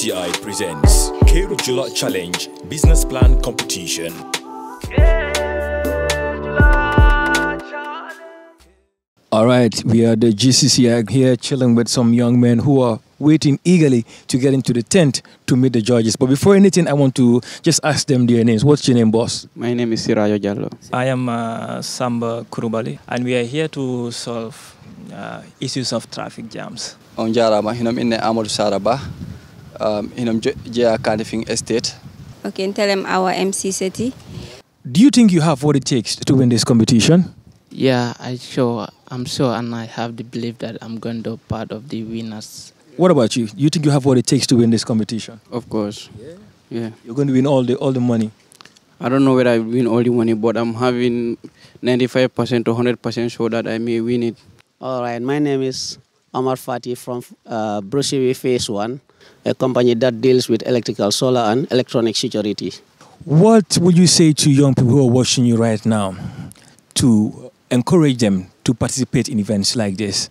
BCI presents Kero Jula Challenge Business Plan Competition. All right, we are the GCCI here chilling with some young men who are waiting eagerly to get into the tent to meet the judges. But before anything, I want to just ask them their names. What's your name, boss? My name is Sirayo Jallo. I am uh, Samba Kurubali, and we are here to solve uh, issues of traffic jams. Onjara, my name is Amadou Saraba um, you know, Jaya thing Estate. Okay, and tell them our MC city. Do you think you have what it takes to win this competition? Yeah, I sure. I'm sure, and I have the belief that I'm going to be part of the winners. What about you? You think you have what it takes to win this competition? Of course. Yeah. yeah. You're going to win all the all the money. I don't know whether I win all the money, but I'm having 95% to 100% sure that I may win it. All right. My name is Omar Fati from uh, Bruce Phase One a company that deals with electrical, solar, and electronic security. What would you say to young people who are watching you right now to encourage them to participate in events like this?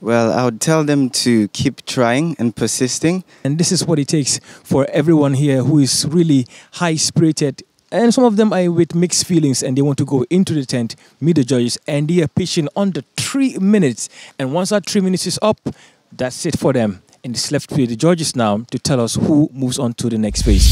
Well, I would tell them to keep trying and persisting. And this is what it takes for everyone here who is really high spirited. And some of them are with mixed feelings and they want to go into the tent, meet the judges, and they are pitching under three minutes. And once that three minutes is up, that's it for them and it's left field. the judges now to tell us who moves on to the next phase.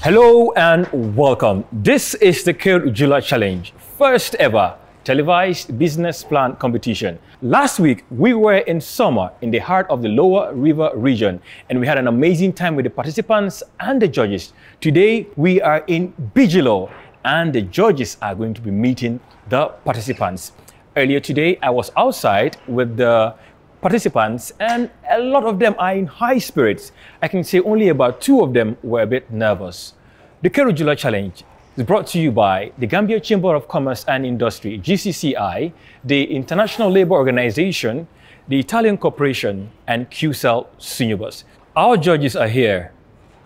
Hello and welcome. This is the Kale Challenge, first ever televised business plan competition. Last week, we were in summer in the heart of the Lower River region, and we had an amazing time with the participants and the judges. Today, we are in Bijilo, and the judges are going to be meeting the participants. Earlier today, I was outside with the participants, and a lot of them are in high spirits. I can say only about two of them were a bit nervous. The Kerujula Challenge is brought to you by the Gambia Chamber of Commerce and Industry, GCCI, the International Labour Organization, the Italian Corporation, and QCell Sunibus. Our judges are here,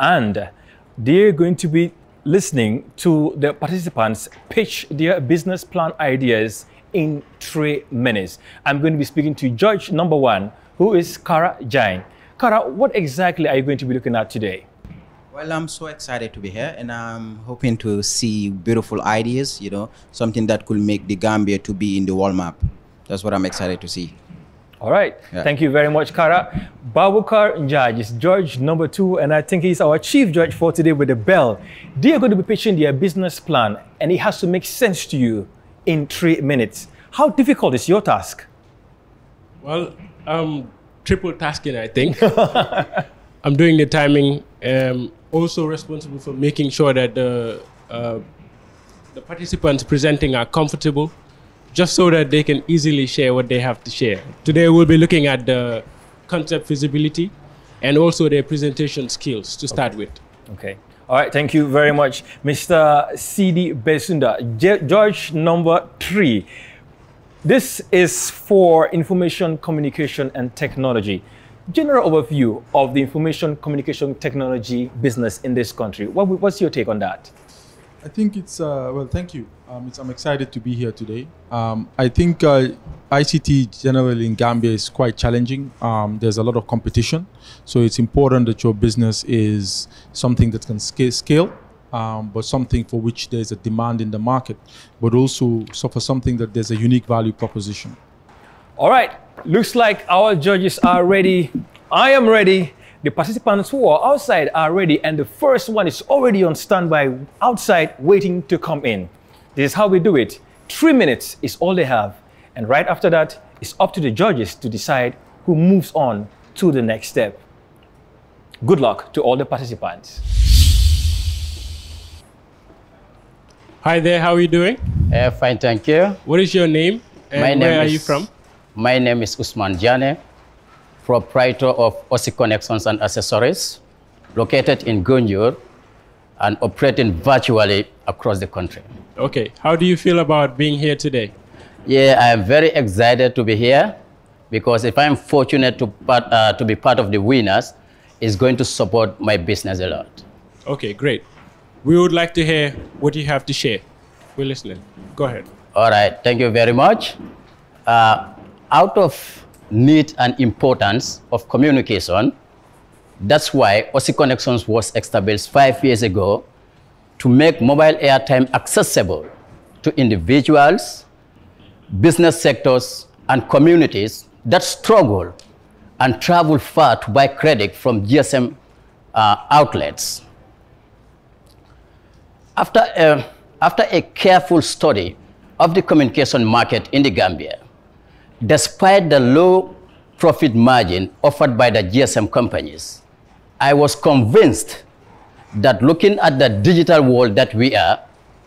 and they're going to be listening to the participants pitch their business plan ideas in three minutes. I'm going to be speaking to judge number one, who is Kara Jain. Kara, what exactly are you going to be looking at today? Well, I'm so excited to be here, and I'm hoping to see beautiful ideas. You know, something that could make the Gambia to be in the world map. That's what I'm excited to see. All right. Yeah. Thank you very much, Kara. Babukar Njaj is judge number two, and I think he's our chief judge for today with the bell. They are going to be pitching their business plan, and it has to make sense to you in three minutes. How difficult is your task? Well, I'm triple tasking, I think. I'm doing the timing. Um, also responsible for making sure that the uh, the participants presenting are comfortable, just so that they can easily share what they have to share. Today we'll be looking at the concept feasibility and also their presentation skills to start okay. with. Okay. All right, thank you very much, Mr. CD Besunda. George number three. This is for information communication and technology. General overview of the information communication technology business in this country. What, what's your take on that? I think it's uh, well. Thank you. Um, I'm excited to be here today. Um, I think uh, ICT generally in Gambia is quite challenging. Um, there's a lot of competition, so it's important that your business is something that can scale, um, but something for which there's a demand in the market, but also so for something that there's a unique value proposition. All right. Looks like our judges are ready. I am ready. The participants who are outside are ready and the first one is already on standby outside waiting to come in. This is how we do it. Three minutes is all they have. And right after that, it's up to the judges to decide who moves on to the next step. Good luck to all the participants. Hi there, how are you doing? Uh, fine, thank you. What is your name and my name where is, are you from? My name is Usman Jane proprietor of OSI Connections and Accessories, located in Gunjur and operating virtually across the country. Okay, how do you feel about being here today? Yeah, I am very excited to be here because if I'm fortunate to, part, uh, to be part of the winners, it's going to support my business a lot. Okay, great. We would like to hear what you have to share. We're listening. Go ahead. All right, thank you very much. Uh, out of need and importance of communication. That's why OSI Connections was established five years ago to make mobile airtime accessible to individuals, business sectors, and communities that struggle and travel far to buy credit from GSM uh, outlets. After a, uh, after a careful study of the communication market in the Gambia, Despite the low profit margin offered by the GSM companies, I was convinced that looking at the digital world that we are,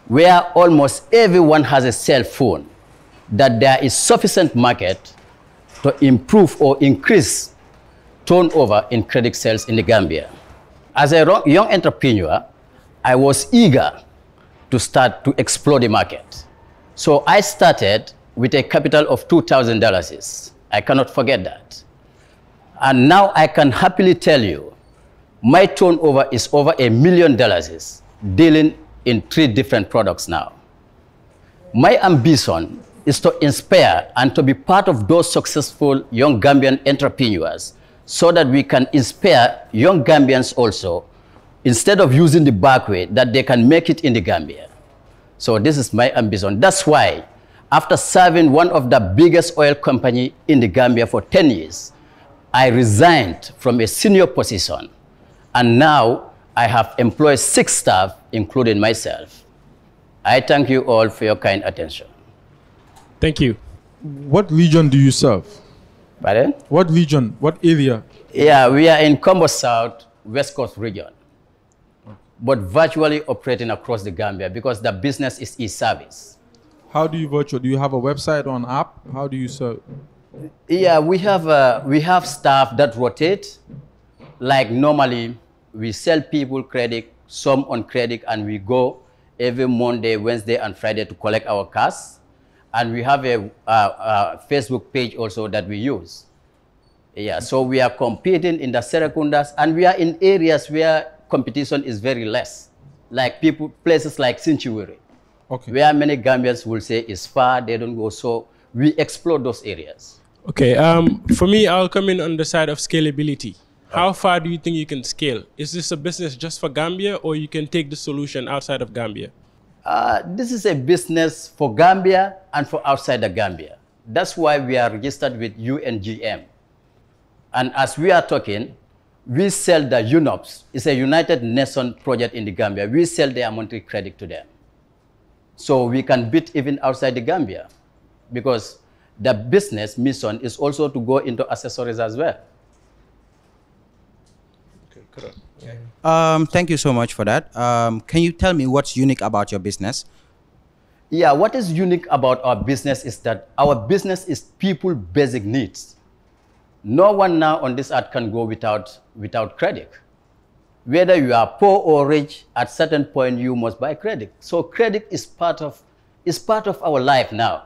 where almost everyone has a cell phone, that there is sufficient market to improve or increase turnover in credit sales in the Gambia. As a young entrepreneur, I was eager to start to explore the market. So I started with a capital of $2,000. I cannot forget that. And now I can happily tell you, my turnover is over a million dollars dealing in three different products now. My ambition is to inspire and to be part of those successful young Gambian entrepreneurs so that we can inspire young Gambians also instead of using the back way that they can make it in the Gambia. So this is my ambition. That's why after serving one of the biggest oil company in the Gambia for 10 years, I resigned from a senior position. And now I have employed six staff, including myself. I thank you all for your kind attention. Thank you. What region do you serve? Pardon? What region? What area? Yeah, we are in Combo South, West Coast region, but virtually operating across the Gambia because the business is e-service. How do you virtual? Do you have a website or an app? How do you sell? Yeah, we have uh, we have staff that rotate. Like normally, we sell people credit, some on credit, and we go every Monday, Wednesday, and Friday to collect our cash. And we have a, Facebook page also that we use. Yeah, so we are competing in the Seracundas, and we are in areas where competition is very less, like people places like Sinchiwiri okay. where many Gambians will say is far, they don't go. So we explore those areas. Okay, um, for me, I'll come in on the side of scalability. How far do you think you can scale? Is this a business just for Gambia or you can take the solution outside of Gambia? Uh, this is a business for Gambia and for outside of Gambia. That's why we are registered with UNGM. And as we are talking, we sell the UNOPS. It's a United Nations project in the Gambia. We sell the monetary credit to them. So we can beat even outside the Gambia because the business mission is also to go into accessories as well. Okay, Um, thank you so much for that. Um, can you tell me what's unique about your business? Yeah, what is unique about our business is that our business is people basic needs. No one now on this earth can go without, without credit whether you are poor or rich, at certain point you must buy credit. So credit is part of, is part of our life now.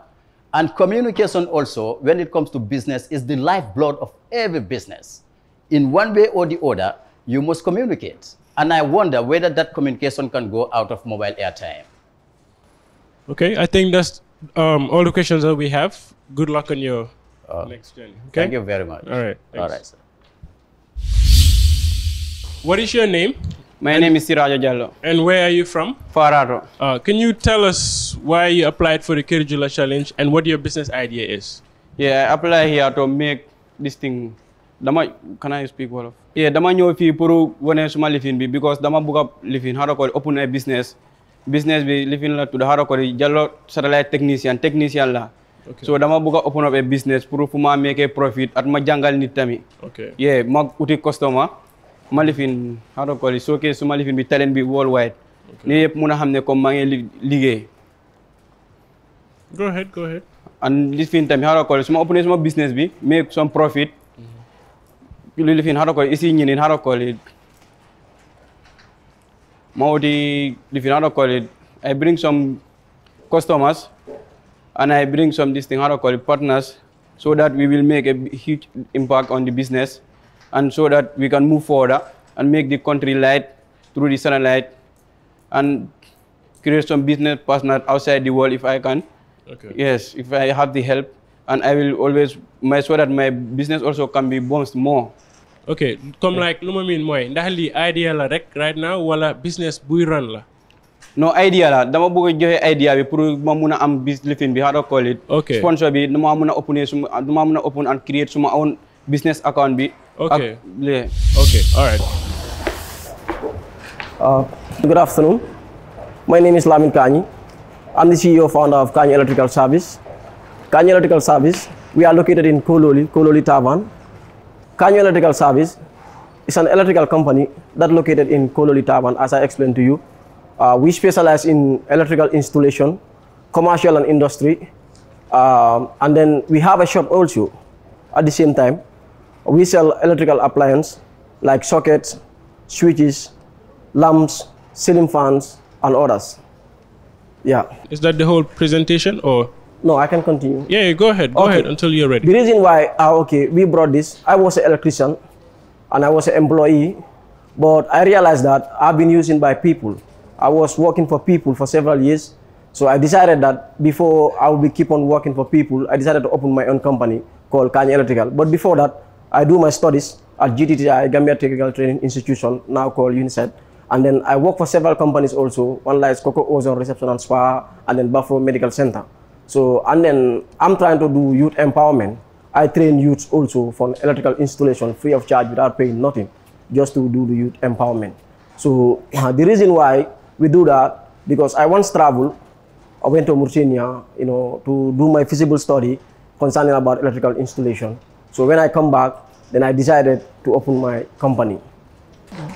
And communication also, when it comes to business, is the lifeblood of every business. In one way or the other, you must communicate. And I wonder whether that communication can go out of mobile airtime. Okay, I think that's um, all the questions that we have. Good luck on your uh, next journey. Okay? Thank you very much. All right. Thanks. All right. Sir. What is your name? My and name is Siraja Jallo. And where are you from? Fararo. Uh, can you tell us why you applied for the Kirjula Challenge and what your business idea is? Yeah, I apply here to make this thing. Dama, can I speak Wolof? Yeah, dama ñëw puru pour wane suma lifin bi because dama bëgg living lifin xaaral open a business business bi living la tudd xaaral ko Jallo satellite technician technician la. Okay. So dama bëgg open up a business puru fuma make a profit at ma jàngal nitami. tamit. Okay. Yeah, ma uti customer. Malifin how to call it showcase su Malifin bi talent bi worldwide. ni yëpp mun a xam ne comme maa ngi liggéey. go ahead go ahead. and lifin tamit how to call su ma opené suma business bi make some profit. Mhm. li lifin how to call it isi ñinin how to call it ma wuti lifin how to call I bring some customers and I bring some this thing how to call partners so that we will make a huge impact on the business. and so that we can move forward uh, and make the country light through the sunlight and create some business partners outside the world if I can. Yes, I have the help, and I will always make that my business can be bounced more. ok comme like lu ma miin mooy ndax lii idea la rek right now business buy run la. non idea la dama bëgg a joxe idea bi pour ma mun a am bis lifin bi how to call it. open and create suma own business account bi. ok ok all right. Uh, good afternoon. My name is Lamin Kanyi. I'm the CEO founder of Kanyi Electrical Service. Kanyi Electrical Service, we are located in Kololi, Kololi Tavan. Kanyi Electrical Service is an electrical company that located in Kololi Tavan, as I explained to you. Uh, we specialize in electrical installation, commercial and industry, um, and then we have a shop also at the same time we sell electrical appliances like sockets, switches, lamps, ceiling fans, and others. Yeah. Is that the whole presentation or? No, I can continue. Yeah, go ahead. Go okay. ahead until you're ready. The reason why, uh, okay, we brought this, I was an electrician and I was an employee, but I realized that I've been using by people. I was working for people for several years, so I decided that before I would be keep on working for people, I decided to open my own company called Kanye Electrical. But before that, I do my studies at GTTI, uh, Gambia Technical Training Institution, now called UNICEF. And then I work for several companies also. One like Coco Ozone Reception and Spa, and then Buffalo Medical Center. So, and then I'm trying to do youth empowerment. I train youths also for electrical installation free of charge without paying nothing, just to do the youth empowerment. So uh, the reason why we do that, because I once traveled, I went to Mauritania, you know, to do my feasible study concerning about electrical installation. So when I come back, then I decided to open my company.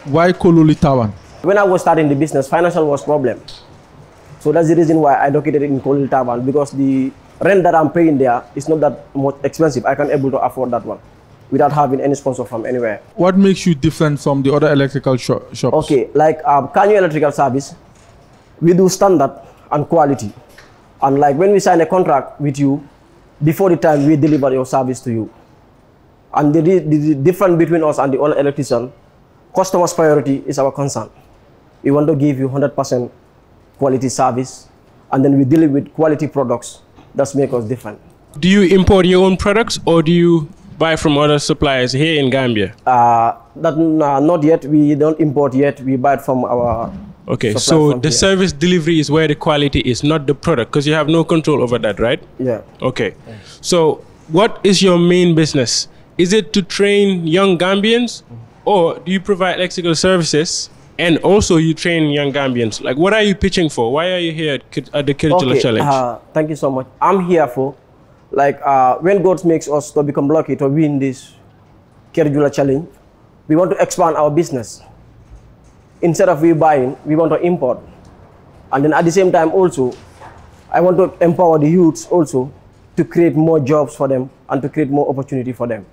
Why Kololi Tawan? When I was starting the business, financial was problem. So that's the reason why I located in Kololi Tawan because the rent that I'm paying there is not that much expensive. I can able to afford that one without having any sponsor from anywhere. What makes you different from the other electrical sh shops? Okay, like um, Kanyo Electrical Service, we do standard and quality. And like when we sign a contract with you, before the time we deliver your service to you and the, the, the difference between us and the other electrician, customer's priority is our concern. We want to give you 100% quality service, and then we deal with quality products that make us different. Do you import your own products, or do you buy from other suppliers here in Gambia? Uh, that, uh, not yet. We don't import yet. We buy it from our Okay, so the here. service delivery is where the quality is, not the product, because you have no control over that, right? Yeah. Okay. Yeah. So, what is your main business? is it to train young Gambians or do you provide lexical services and also you train young Gambians? Like, what are you pitching for? Why are you here at the Kiritula okay, Challenge? Uh, thank you so much. I'm here for, like, uh, when God makes us to become lucky to win this Kiritula Challenge, we want to expand our business. Instead of we buying, we want to import. And then at the same time also, I want to empower the youths also to create more jobs for them and to create more opportunity for them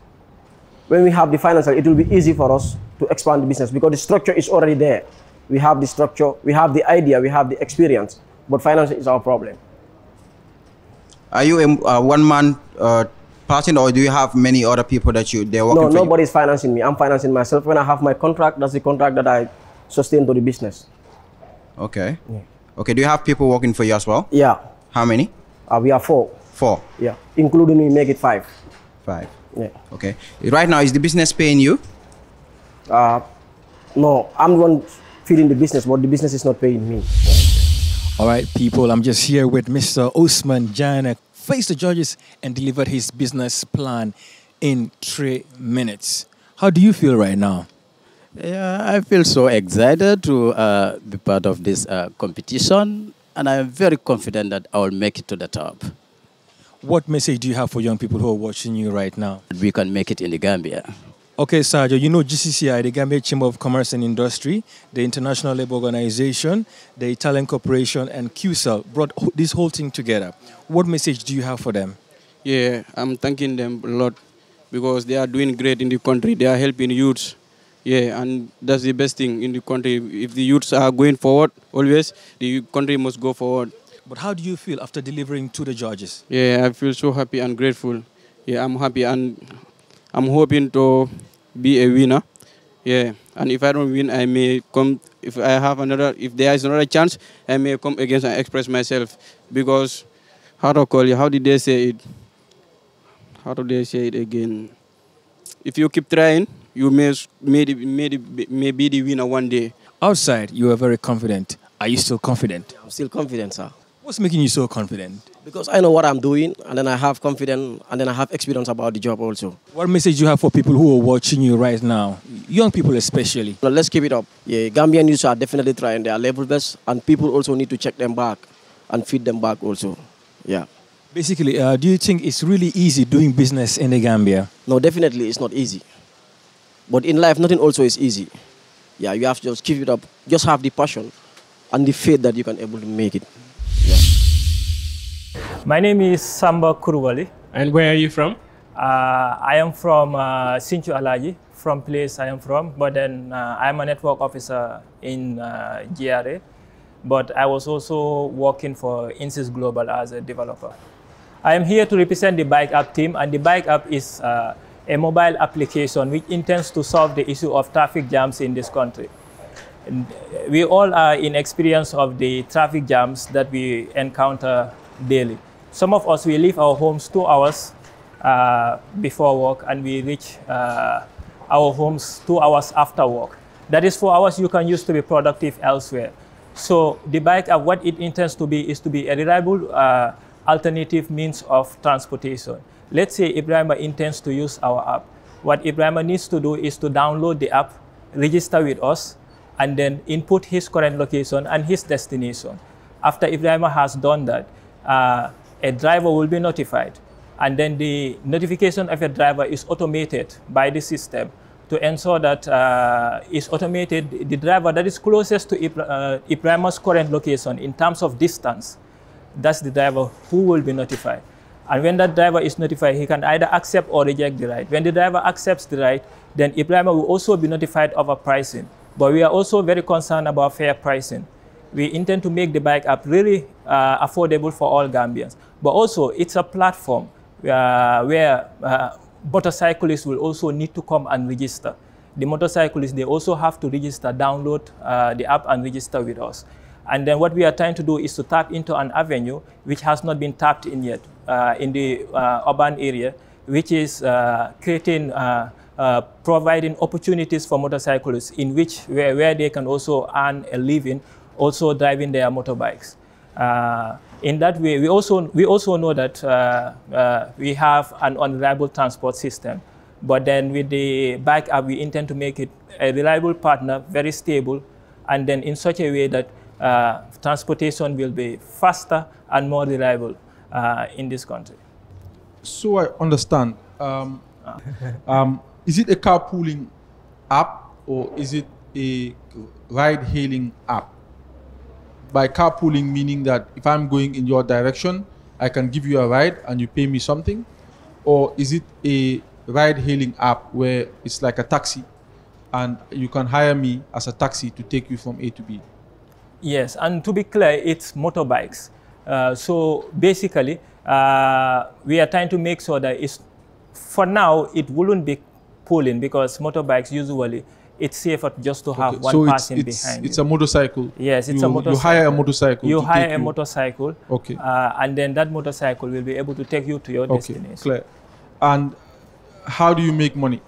when we have the financial, it will be easy for us to expand the business because the structure is already there. We have the structure, we have the idea, we have the experience, but finance is our problem. Are you a one-man uh, person, or do you have many other people that you they're working? No, nobody's financing me. I'm financing myself. When I have my contract, that's the contract that I sustain to the business. Okay. Yeah. Okay. Do you have people working for you as well? Yeah. How many? Uh, we are four. Four. Yeah, including me, make it five. Five. Yeah. Okay. Right now, is the business paying you? Uh, no, I'm the one feeding the business, but the business is not paying me. All right, people, I'm just here with Mr. Osman Jana. Uh, Faced the judges and delivered his business plan in three minutes. How do you feel right now? Yeah, I feel so excited to uh, be part of this uh, competition, and I'm very confident that I will make it to the top. What message do you have for young people who are watching you right now? We can make it in the Gambia. Okay, Sergio, you know GCCI, the Gambia Chamber of Commerce and Industry, the International Labour Organization, the Italian Corporation, and QCell brought this whole thing together. What message do you have for them? Yeah, I'm thanking them a lot because they are doing great in the country. They are helping youths. Yeah, and that's the best thing in the country. If the youths are going forward, always, the country must go forward. But how do you feel after delivering to the judges? Yeah, I feel so happy and grateful. Yeah, I'm happy and I'm hoping to be a winner. Yeah, and if I don't win, I may come. If I have another, if there is another chance, I may come against and express myself because how to call you? How did they say it? How do they say it again? If you keep trying, you may may may, may be the winner one day. Outside, you are very confident. Are you still confident? I'm still confident, sir. What's making you so confident? Because I know what I'm doing, and then I have confidence, and then I have experience about the job also. What message you have for people who are watching you right now, young people especially? Well, let's keep it up. Yeah, Gambian youth are definitely trying their level best, and people also need to check them back and feed them back also. Yeah. Basically, uh, do you think it's really easy doing business in the Gambia? No, definitely it's not easy. But in life, nothing also is easy. Yeah, you have to just keep it up. Just have the passion and the faith that you can able to make it. Yeah. My name is Samba Kuruwali. And where are you from? Uh, I am from uh, Sinchu Alaji, from place I am from, but then uh, I'm a network officer in uh, GRA, but I was also working for Insys Global as a developer. I am here to represent the Bike App team, and the Bike App is uh, a mobile application which intends to solve the issue of traffic jams in this country we all are in experience of the traffic jams that we encounter daily. Some of us, we leave our homes two hours uh, before work and we reach uh, our homes two hours after work. That is four hours you can use to be productive elsewhere. So the bike, uh, what it intends to be, is to be a reliable uh, alternative means of transportation. Let's say Ibrahima intends to use our app. What Ibrahima needs to do is to download the app, register with us, and then input his current location and his destination. After Ibrahima has done that, uh, a driver will be notified. And then the notification of a driver is automated by the system to ensure that uh, it's automated. The driver that is closest to Ibra uh, Ibrahima's current location in terms of distance, that's the driver who will be notified. And when that driver is notified, he can either accept or reject the ride. When the driver accepts the ride, then Ibrahima will also be notified of a pricing. But we are also very concerned about fair pricing. We intend to make the bike app really uh, affordable for all Gambians. But also, it's a platform uh, where uh, motorcyclists will also need to come and register. The motorcyclists, they also have to register, download uh, the app and register with us. And then what we are trying to do is to tap into an avenue which has not been tapped in yet uh, in the uh, urban area, which is creating uh, providing opportunities for motorcyclists in which where, where they can also earn a living, also driving their motorbikes. Uh, in that way, we also, we also know that uh, uh, we have an unreliable transport system. But then with the bike app, we intend to make it a reliable partner, very stable, and then in such a way that uh, transportation will be faster and more reliable in this country. So I understand. Um, um, is it a carpooling app or is it a ride hailing app? By carpooling, meaning that if I'm going in your direction, I can give you a ride and you pay me something? Or is it a ride hailing app where it's like a taxi and you can hire me as a taxi to take you from A to B? Yes, and to be clear, it's motorbikes. Uh, so basically, uh, we are trying to make sure that it's, for now, it wouldn't be pulling because motorbikes usually it's safer just to have okay. one so person it's, behind. It's you. a motorcycle. Yes, it's you, a motorcycle. You hire a motorcycle. You hire a motorcycle. Okay. Uh, and then that motorcycle will be able to take you to your okay. destination. Clear. And how do you make money?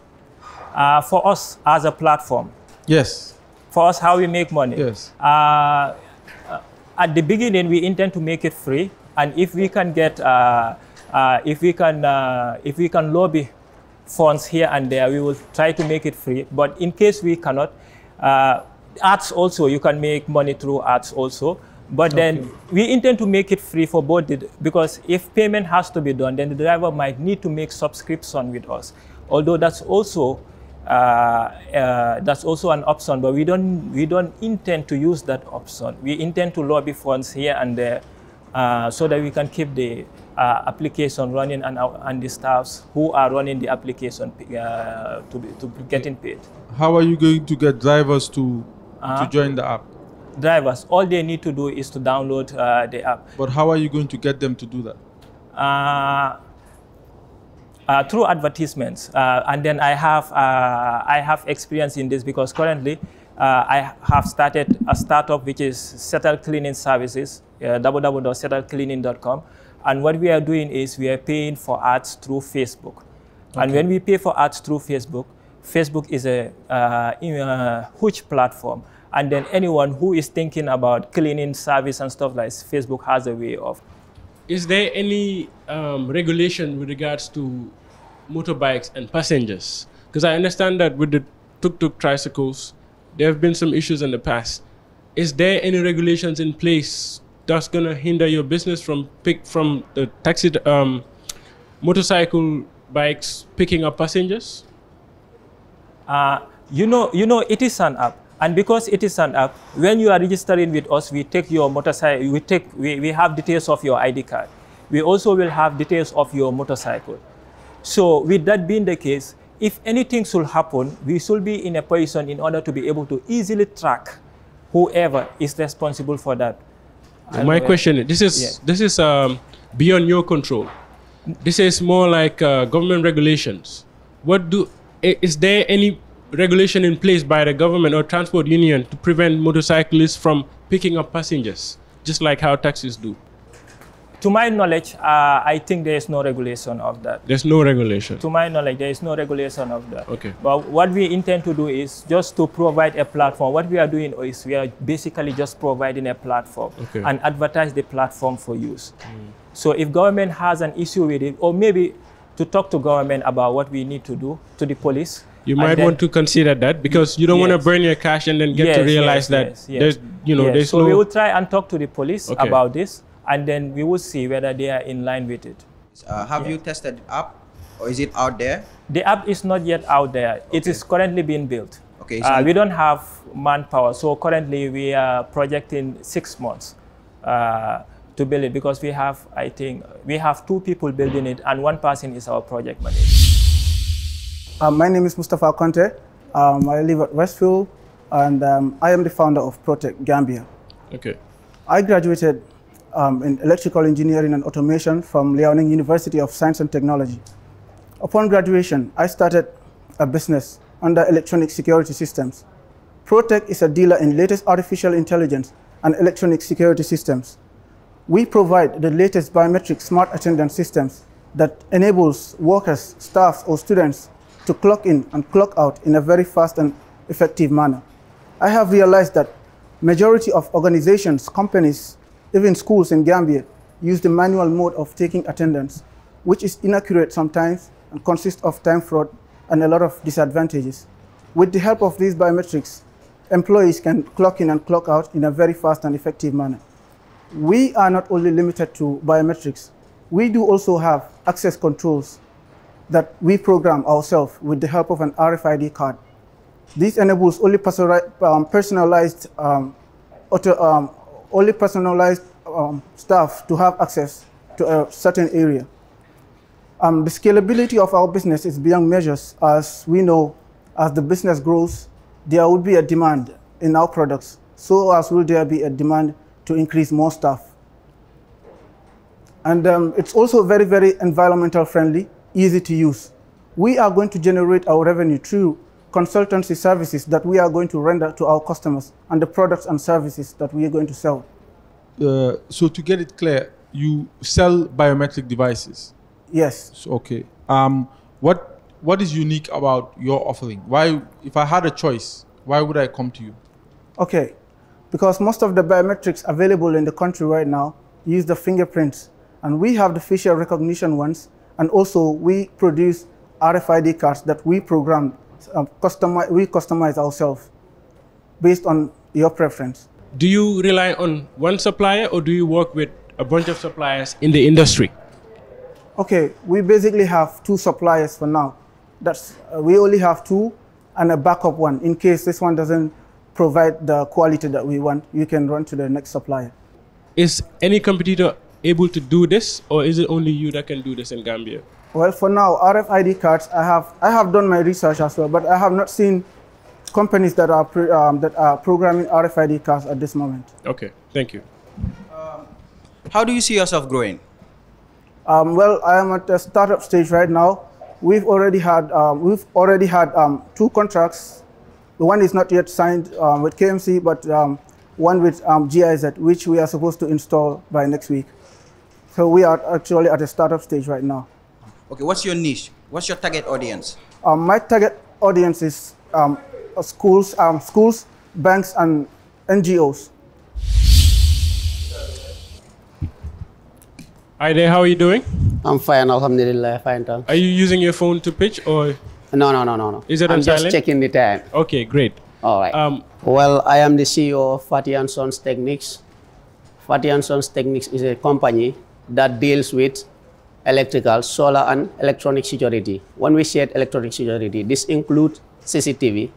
Uh, for us as a platform. Yes. For us, how we make money. Yes. Uh, uh at the beginning, we intend to make it free, and if we can get, uh, uh, if we can, if we can lobby Funds here and there. We will try to make it free, but in case we cannot, uh, also, you can make money through ads also. But then we intend to make it free for both, the, because if payment has to be done, then the driver might need to make subscription with us. Although that's also uh, uh, that's also an option, but we don't we don't intend to use that option. We intend to lobby funds here and there uh, so that we can keep the uh, application running and, uh, and the staffs who are running the application uh, to, be, to be getting paid. How are you going to get drivers to, to uh-huh. join the app? Drivers, all they need to do is to download uh, the app. But how are you going to get them to do that? Uh, uh, through advertisements. Uh, and then I have, uh, I have experience in this because currently uh, I have started a startup which is Settle Cleaning Services, uh, www.settlecleaning.com. And what we are doing is we are paying for ads through Facebook. Okay. And when we pay for ads through Facebook, Facebook is a, uh, a huge platform. And then anyone who is thinking about cleaning service and stuff like this, Facebook has a way of. Is there any um, regulation with regards to motorbikes and passengers? Because I understand that with the tuk-tuk tricycles, there have been some issues in the past. Is there any regulations in place that's gonna hinder your business from pick from the taxi um, motorcycle bikes picking up passengers? Uh, you know, you know, it is an app, and because it is an app, when you are registering with us, we take your motorcycle. We take we, we have details of your ID card. We also will have details of your motorcycle. So, with that being the case, if anything should happen, we should be in a position in order to be able to easily track whoever is responsible for that i My question is, this is yeah. this is um, beyond your control. This is more like uh, government regulations. What do is there any regulation in place by the government or transport union to prevent motorcyclists from picking up passengers, just like how taxis do? To my knowledge, uh, I think there is no regulation of that. There's no regulation. To my knowledge, there is no regulation of that. Okay. But what we intend to do is just to provide a platform. What we are doing is we are basically just providing a platform okay. and advertise the platform for use. Mm. So if government has an issue with it, or maybe to talk to government about what we need to do to the police. You might then, want to consider that because you don't yes. want to burn your cash and then get yes, to realize yes, that there's, you know, there's so no. we will try and talk to the police okay. about this and then we will see whether they are in line with it. Uh, have yeah. you tested the app or is it out there? The app is not yet out there. Okay. It is currently being built. Okay. Uh, so uh, we don't have manpower, so currently we are projecting six months uh, to build it because we have, I think, we have two people building it and one person is our project manager. Uh, my name is Mustafa Conte. Um, I live at Westfield and um, I am the founder of Project Gambia. Okay. I graduated um, in electrical engineering and automation from Liaoning University of Science and Technology. Upon graduation, I started a business under electronic security systems. Protech is a dealer in latest artificial intelligence and electronic security systems. We provide the latest biometric smart attendance systems that enables workers, staff, or students to clock in and clock out in a very fast and effective manner. I have realized that majority of organizations, companies, even schools in Gambia use the manual mode of taking attendance, which is inaccurate sometimes and consists of time fraud and a lot of disadvantages. With the help of these biometrics, employees can clock in and clock out in a very fast and effective manner. We are not only limited to biometrics, we do also have access controls that we program ourselves with the help of an RFID card. This enables only um, personalized um, auto, um, only personalized um, staff to have access to a certain area. Um, the scalability of our business is beyond measures. As we know, as the business grows, there will be a demand in our products. So as will there be a demand to increase more staff. And um, it's also very, very environmental friendly, easy to use. We are going to generate our revenue through consultancy services that we are going to render to our customers and the products and services that we are going to sell. Uh, so to get it clear, you sell biometric devices. Yes. So, okay. Um, what what is unique about your offering? Why, if I had a choice, why would I come to you? Okay, because most of the biometrics available in the country right now use the fingerprints, and we have the facial recognition ones, and also we produce RFID cards that we programmed um, customize, we customize ourselves based on your preference. Do you rely on one supplier or do you work with a bunch of suppliers in the industry? Okay, we basically have two suppliers for now. That's, uh, we only have two and a backup one. In case this one doesn't provide the quality that we want, you can run to the next supplier. Is any competitor able to do this or is it only you that can do this in Gambia? Well, for now, RFID cards, I have, I have done my research as well, but I have not seen companies that are, pre, um, that are programming RFID cards at this moment. Okay, thank you. Um, how do you see yourself growing? Um, well, I am at the startup stage right now. We've already had, um, we've already had um, two contracts. The one is not yet signed um, with KMC, but one with GIZ, which we are supposed to install by next week. So we are actually at the startup stage right now. Okay, what's your niche? What's your target audience? Um, my target audience is um, schools, um, schools, banks, and NGOs. Hi there, how are you doing? I'm fine, alhamdulillah, fine. Are you using your phone to pitch or? No, no, no, no, no. Is it I'm on just silent? checking the time. Okay, great. All right. Um, well, I am the CEO of Fatih and Sons Techniques. Fatih and Sons Techniques is a company that deals with electrical, solar, and electronic security. When we said electronic security, this includes CCTV,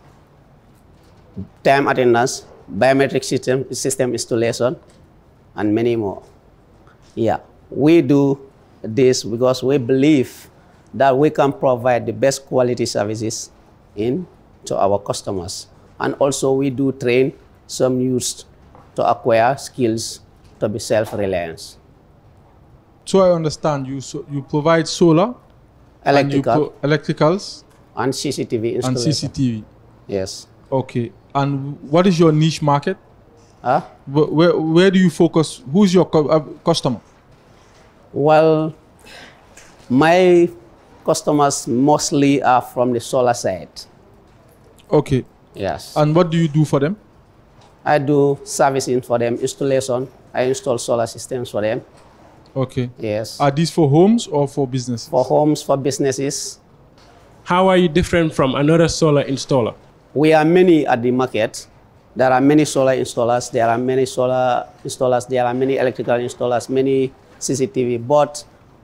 time attendance, biometric system, system installation, and many more. Yeah, we do this because we believe that we can provide the best quality services in to our customers. And also we do train some youths to acquire skills to be self-reliant so I understand you so you provide solar, electrical, and electricals, and CCTV and CCTV. Yes. Okay. And what is your niche market? Huh? Where, where, where do you focus? Who's your uh, customer? Well, my customers mostly are from the solar side. Okay. Yes. And what do you do for them? I do servicing for them, installation. I install solar systems for them. Okay. Yes. Are these for homes or for businesses? For homes, for businesses. How are you different from another solar installer? We are many at the market. There are many solar installers, there are many solar installers, there are many electrical installers, many CCTV, but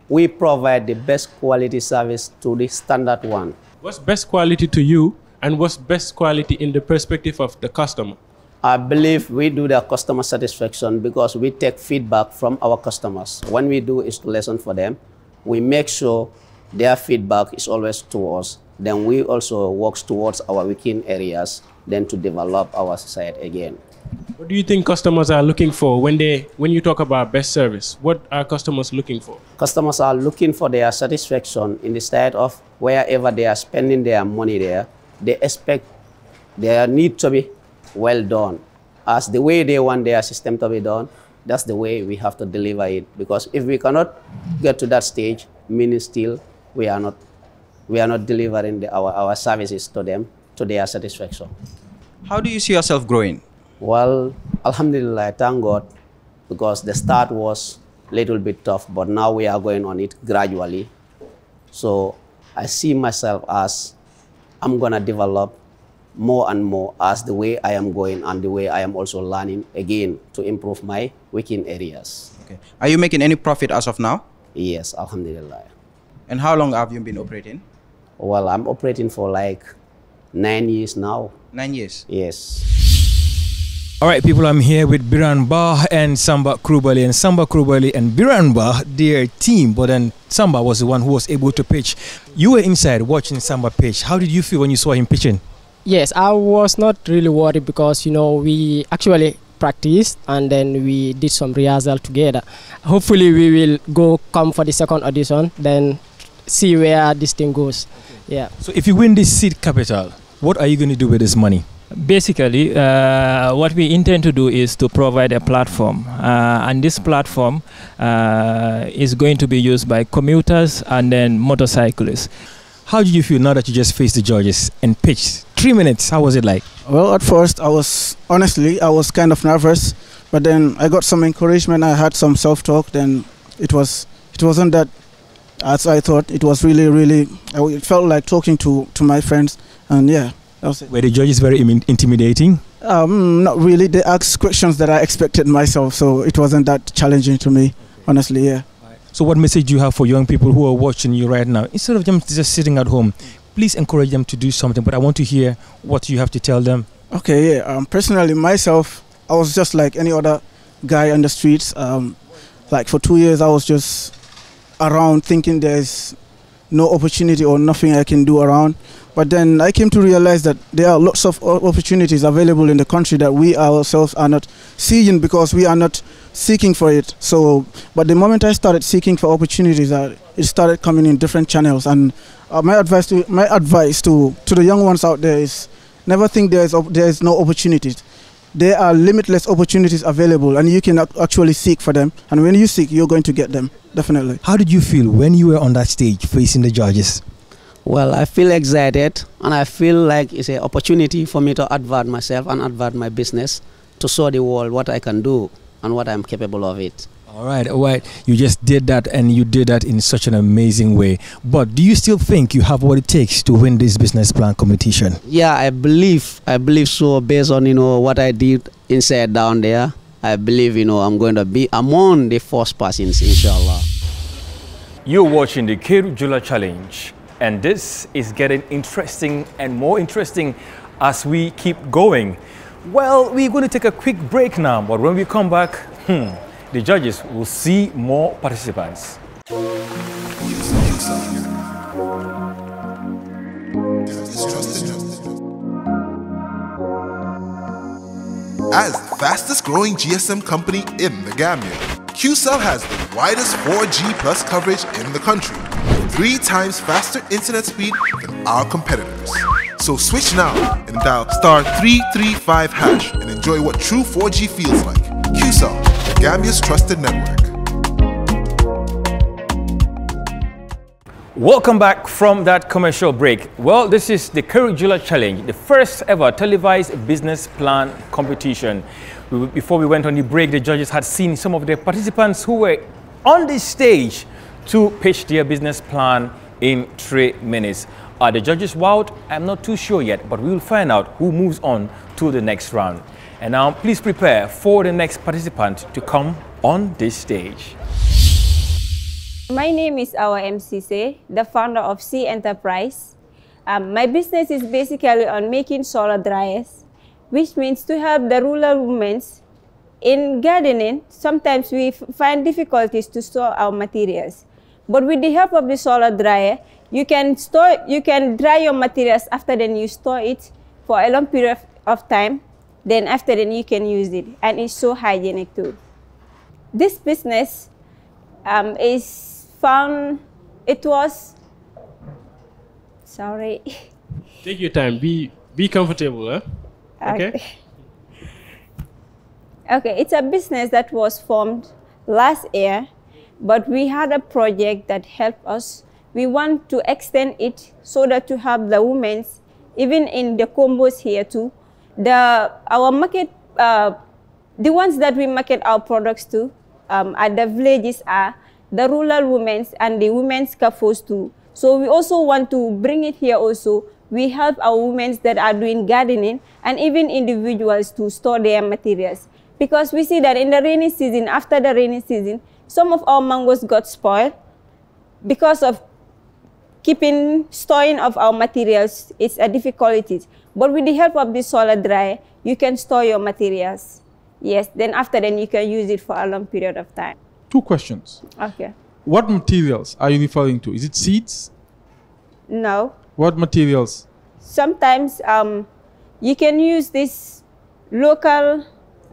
we provide the best quality service to the standard one. What's best quality to you and what's best quality in the perspective of the customer? I believe we do the customer satisfaction because we take feedback from our customers. When we do installation for them, we make sure their feedback is always to us. Then we also work towards our weekend areas, then to develop our site again. What do you think customers are looking for when they when you talk about best service? What are customers looking for? Customers are looking for their satisfaction in the state of wherever they are spending their money there. They expect their need to be well done. As the way they want their system to be done, that's the way we have to deliver it. Because if we cannot get to that stage, meaning still we are not, we are not delivering the, our, our services to them to their satisfaction. How do you see yourself growing? Well, Alhamdulillah, thank God, because the start was a little bit tough, but now we are going on it gradually. So I see myself as I'm gonna develop more and more as the way I am going and the way I am also learning again to improve my working areas. Okay. Are you making any profit as of now? Yes, alhamdulillah. And how long have you been operating? Well, I'm operating for like nine years now. Nine years? Yes. All right, people, I'm here with Biran Bah and Samba Krubali. And Samba Krubali and Biran Bah, their team, but then Samba was the one who was able to pitch. You were inside watching Samba pitch. How did you feel when you saw him pitching? Yes, I was not really worried because you know we actually practiced and then we did some rehearsal together. Hopefully, we will go come for the second audition, then see where this thing goes. Okay. Yeah. So, if you win this seed capital, what are you going to do with this money? Basically, uh, what we intend to do is to provide a platform, uh, and this platform uh, is going to be used by commuters and then motorcyclists. How did you feel now that you just faced the judges and pitched three minutes? How was it like? Well, at first, I was honestly, I was kind of nervous, but then I got some encouragement. I had some self-talk. Then it was, it wasn't that as I thought. It was really, really. It felt like talking to to my friends, and yeah. Were the judges very intimidating? Um, not really. They asked questions that I expected myself, so it wasn't that challenging to me, honestly. Yeah. So, what message do you have for young people who are watching you right now? Instead of them just sitting at home, please encourage them to do something. But I want to hear what you have to tell them. Okay, yeah. Um, personally, myself, I was just like any other guy on the streets. Um, like for two years, I was just around thinking there's no opportunity or nothing I can do around. But then I came to realize that there are lots of opportunities available in the country that we ourselves are not seeing because we are not seeking for it. So, but the moment I started seeking for opportunities, it started coming in different channels. And uh, my advice to my advice to, to the young ones out there is never think there is there is no opportunities. There are limitless opportunities available, and you can actually seek for them. And when you seek, you're going to get them definitely. How did you feel when you were on that stage facing the judges? Well, I feel excited and I feel like it's an opportunity for me to advert myself and advert my business to show the world what I can do and what I'm capable of it. All right, all right. You just did that and you did that in such an amazing way. But do you still think you have what it takes to win this business plan competition? Yeah, I believe I believe so based on, you know, what I did inside down there. I believe, you know, I'm going to be among the first persons inshallah. You're watching the Jula Challenge. And this is getting interesting and more interesting as we keep going. Well, we're going to take a quick break now, but when we come back, hmm, the judges will see more participants. As the fastest growing GSM company in the Gambia, QCell has the widest 4G plus coverage in the country three times faster internet speed than our competitors. So switch now and dial star 335 hash and enjoy what true 4G feels like. QCell, Gambia's trusted network. Welcome back from that commercial break. Well, this is the Curricula Challenge, the first ever televised business plan competition. Before we went on the break, the judges had seen some of the participants who were on this stage to pitch their business plan in three minutes. Are the judges wild? I'm not too sure yet, but we will find out who moves on to the next round. And now please prepare for the next participant to come on this stage. My name is Awa MCC, the founder of C Enterprise. Um, my business is basically on making solar dryers, which means to help the rural women in gardening. Sometimes we find difficulties to store our materials. But with the help of the solar dryer, you can store, you can dry your materials after then you store it for a long period of time. Then after then you can use it and it's so hygienic too. This business um, is found, it was, sorry. Take your time, be, be comfortable, huh? okay. okay. Okay, it's a business that was formed last year but we had a project that helped us. We want to extend it so that to have the women's, even in the combos here too, the our market, uh, the ones that we market our products to um, at the villages are the rural women's and the women's cafes too. So we also want to bring it here also. We help our women that are doing gardening and even individuals to store their materials. Because we see that in the rainy season, after the rainy season, some of our mangoes got spoiled because of keeping storing of our materials is a difficulty. But with the help of the solar dry, you can store your materials. Yes, then after then you can use it for a long period of time. Two questions. Okay. What materials are you referring to? Is it seeds? No. What materials? Sometimes um, you can use this local,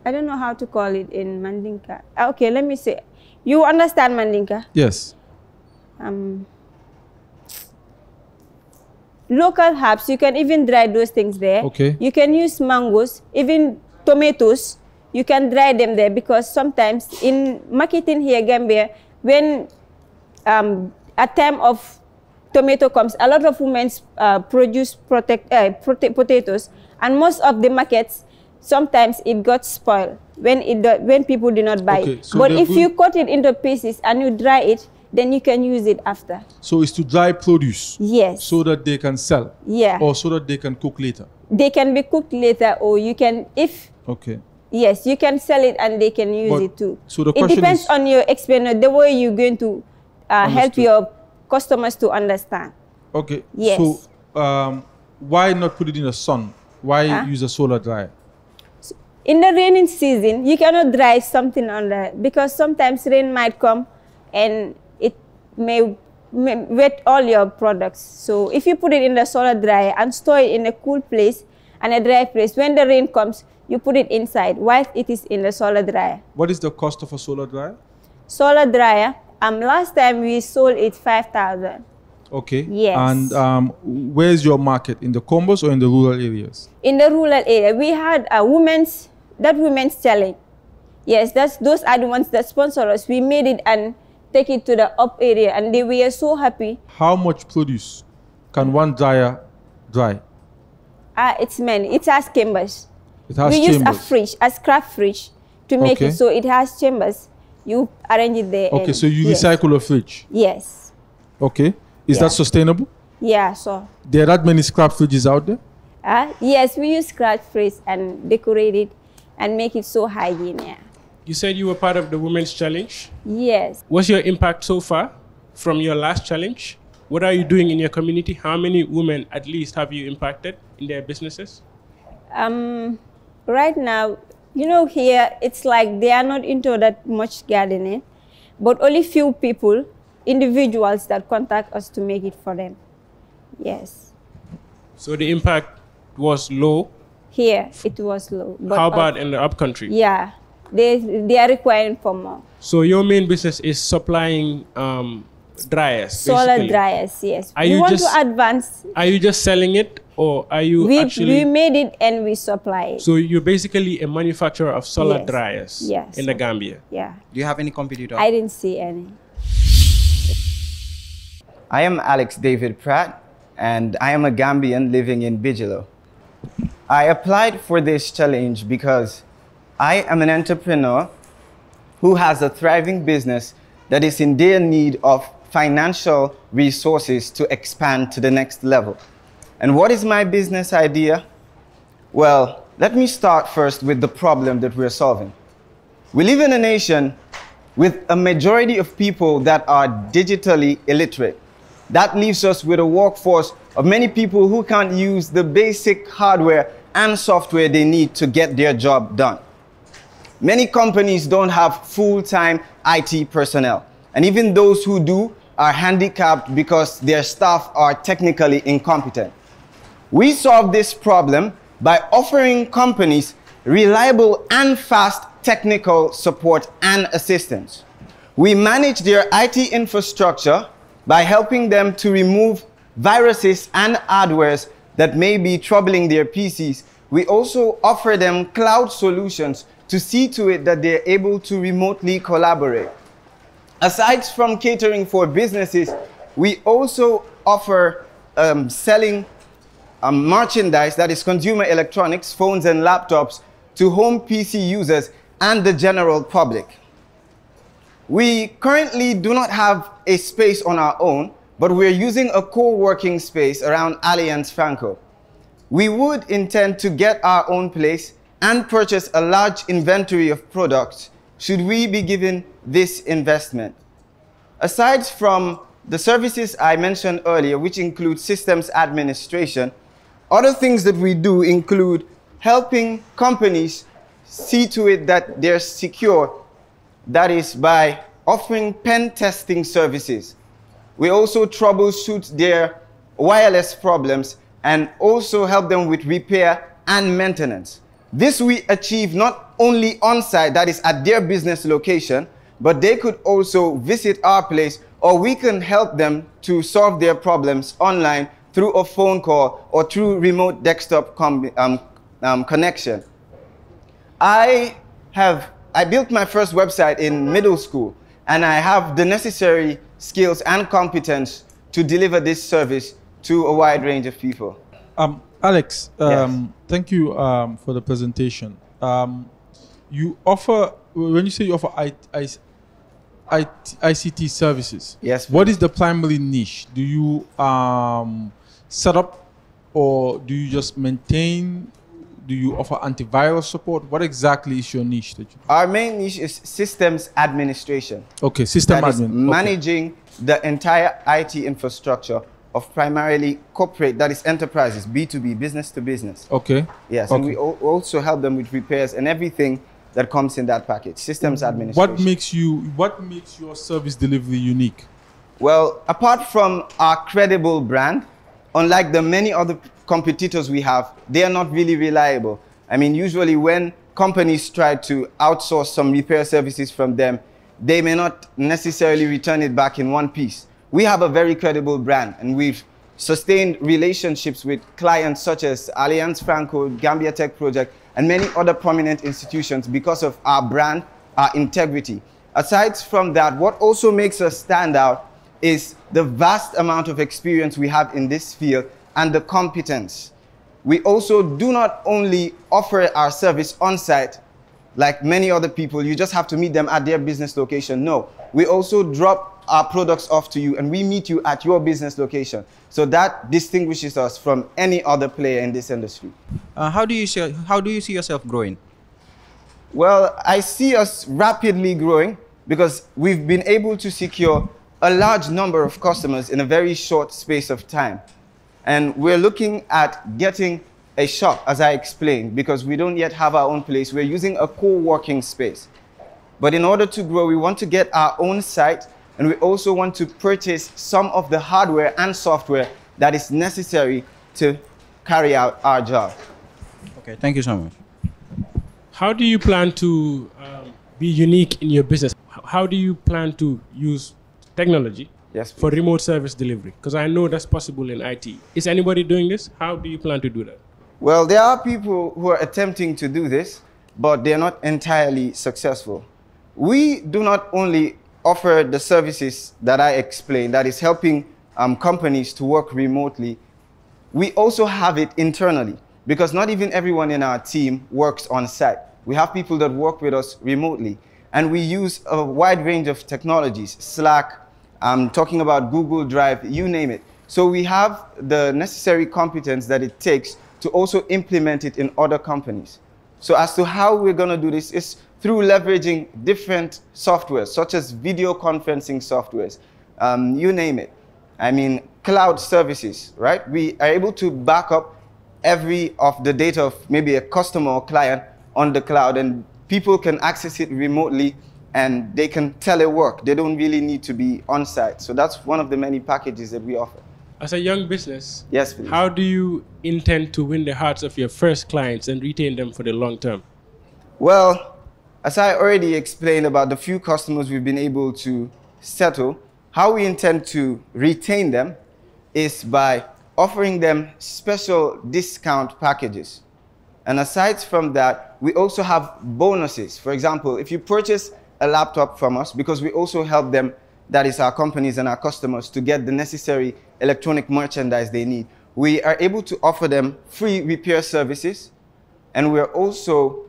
I don't know how to call it in Mandinka. Ah, okay, let me say you understand Mandinka? Yes. Um, local herbs, you can even dry those things there. Okay. You can use mangoes, even tomatoes, you can dry them there because sometimes in marketing here, Gambia, when um, a time of tomato comes, a lot of women uh, produce protect, uh, potatoes and most of the markets, sometimes it got spoiled when it do, when people do not buy okay, it. but if you cut it into pieces and you dry it, then you can use it after. So it's to dry produce. Yes. So that they can sell. Yeah. Or so that they can cook later. They can be cooked later, or you can if. Okay. Yes, you can sell it and they can use but, it too. So the question it depends is, on your experience, the way you're going to uh, help your customers to understand. Okay. Yes. So um, why not put it in the sun? Why huh? use a solar dryer? in the raining season, you cannot dry something on there because sometimes rain might come and it may, may wet all your products. So if you put it in the solar dryer and store it in a cool place and a dry place, when the rain comes, you put it inside while it is in the solar dryer. What is the cost of a solar dryer? Solar dryer, um, last time we sold it 5,000. Okay. Yes. And um, where is your market? In the combos or in the rural areas? In the rural area. We had a woman's that women's challenge. Yes, that's those are the ones that sponsor us. We made it and take it to the up area, and they were so happy. How much produce can one dryer dry? Ah, it's many. It has chambers. It has we chambers. use a fridge, a scrap fridge, to make okay. it so it has chambers. You arrange it there. Okay, so you yes. recycle a fridge. Yes. Okay, is yeah. that sustainable? Yeah, so. There are that many scrap fridges out there. Ah, yes, we use scrap fridge and decorate it and make it so hygienic. You said you were part of the Women's Challenge? Yes. What's your impact so far from your last challenge? What are you doing in your community? How many women at least have you impacted in their businesses? Um, right now, you know, here it's like they are not into that much gardening, but only few people, individuals that contact us to make it for them. Yes. So the impact was low here, it was low. But How about in the upcountry? Yeah, they they are requiring for more. So your main business is supplying um, dryers. Solar basically. dryers, yes. Are we you want just, to advance. Are you just selling it, or are you we, actually? We made it and we supply it. So you're basically a manufacturer of solar yes. dryers. Yes. In the Gambia. Yeah. Do you have any competitor? I didn't see any. I am Alex David Pratt, and I am a Gambian living in Bijelo. I applied for this challenge because I am an entrepreneur who has a thriving business that is in dire need of financial resources to expand to the next level. And what is my business idea? Well, let me start first with the problem that we're solving. We live in a nation with a majority of people that are digitally illiterate. That leaves us with a workforce of many people who can't use the basic hardware and software they need to get their job done. Many companies don't have full time IT personnel, and even those who do are handicapped because their staff are technically incompetent. We solve this problem by offering companies reliable and fast technical support and assistance. We manage their IT infrastructure by helping them to remove viruses and adwares that may be troubling their PCs, we also offer them cloud solutions to see to it that they're able to remotely collaborate. Aside from catering for businesses, we also offer um, selling um, merchandise that is consumer electronics, phones and laptops to home PC users and the general public. We currently do not have a space on our own, but we're using a co-working space around Allianz Franco. We would intend to get our own place and purchase a large inventory of products should we be given this investment. Aside from the services I mentioned earlier, which include systems administration, other things that we do include helping companies see to it that they're secure. That is by offering pen testing services. We also troubleshoot their wireless problems and also help them with repair and maintenance. This we achieve not only on site, that is at their business location, but they could also visit our place or we can help them to solve their problems online through a phone call or through remote desktop um, um, connection. I have I built my first website in middle school and I have the necessary skills, and competence to deliver this service to a wide range of people. Um, Alex, um, yes. thank you um, for the presentation. Um, you offer, when you say you offer I, I, I, ICT services, yes. What is the primary niche? Do you um, set up or do you just maintain do you offer antivirus support? What exactly is your niche that you Our main niche is systems administration. Okay, system that admin. managing okay. the entire IT infrastructure of primarily corporate, that is enterprises, B2B, business to business. Okay. Yes, okay. and we also help them with repairs and everything that comes in that package, systems administration. What makes you, what makes your service delivery unique? Well, apart from our credible brand, unlike the many other competitors we have, they are not really reliable. I mean, usually when companies try to outsource some repair services from them, they may not necessarily return it back in one piece. We have a very credible brand and we've sustained relationships with clients such as Allianz Franco, Gambia Tech Project, and many other prominent institutions because of our brand, our integrity. Aside from that, what also makes us stand out is the vast amount of experience we have in this field and the competence. We also do not only offer our service on site like many other people, you just have to meet them at their business location. No, we also drop our products off to you and we meet you at your business location. So that distinguishes us from any other player in this industry. Uh, how, do you see, how do you see yourself growing? Well, I see us rapidly growing because we've been able to secure a large number of customers in a very short space of time. And we're looking at getting a shop, as I explained, because we don't yet have our own place. We're using a co-working space. But in order to grow, we want to get our own site, and we also want to purchase some of the hardware and software that is necessary to carry out our job. Okay, thank you so much. How do you plan to um, be unique in your business? How do you plan to use technology yes, for remote service delivery? Because I know that's possible in IT. Is anybody doing this? How do you plan to do that? Well, there are people who are attempting to do this, but they're not entirely successful. We do not only offer the services that I explained, that is helping um, companies to work remotely, we also have it internally because not even everyone in our team works on site. We have people that work with us remotely, and we use a wide range of technologies Slack, I'm talking about Google Drive, you name it. So we have the necessary competence that it takes to also implement it in other companies. So as to how we're going to do this is through leveraging different softwares, such as video conferencing softwares, um, you name it. I mean, cloud services, right? We are able to back up every of the data of maybe a customer or client on the cloud, and people can access it remotely and they can telework. They don't really need to be on site. So that's one of the many packages that we offer. As a young business, yes, please. how do you intend to win the hearts of your first clients and retain them for the long term? Well, as I already explained about the few customers we've been able to settle, how we intend to retain them is by offering them special discount packages. And aside from that, we also have bonuses. For example, if you purchase a laptop from us because we also help them, that is our companies and our customers, to get the necessary electronic merchandise they need. We are able to offer them free repair services and we're also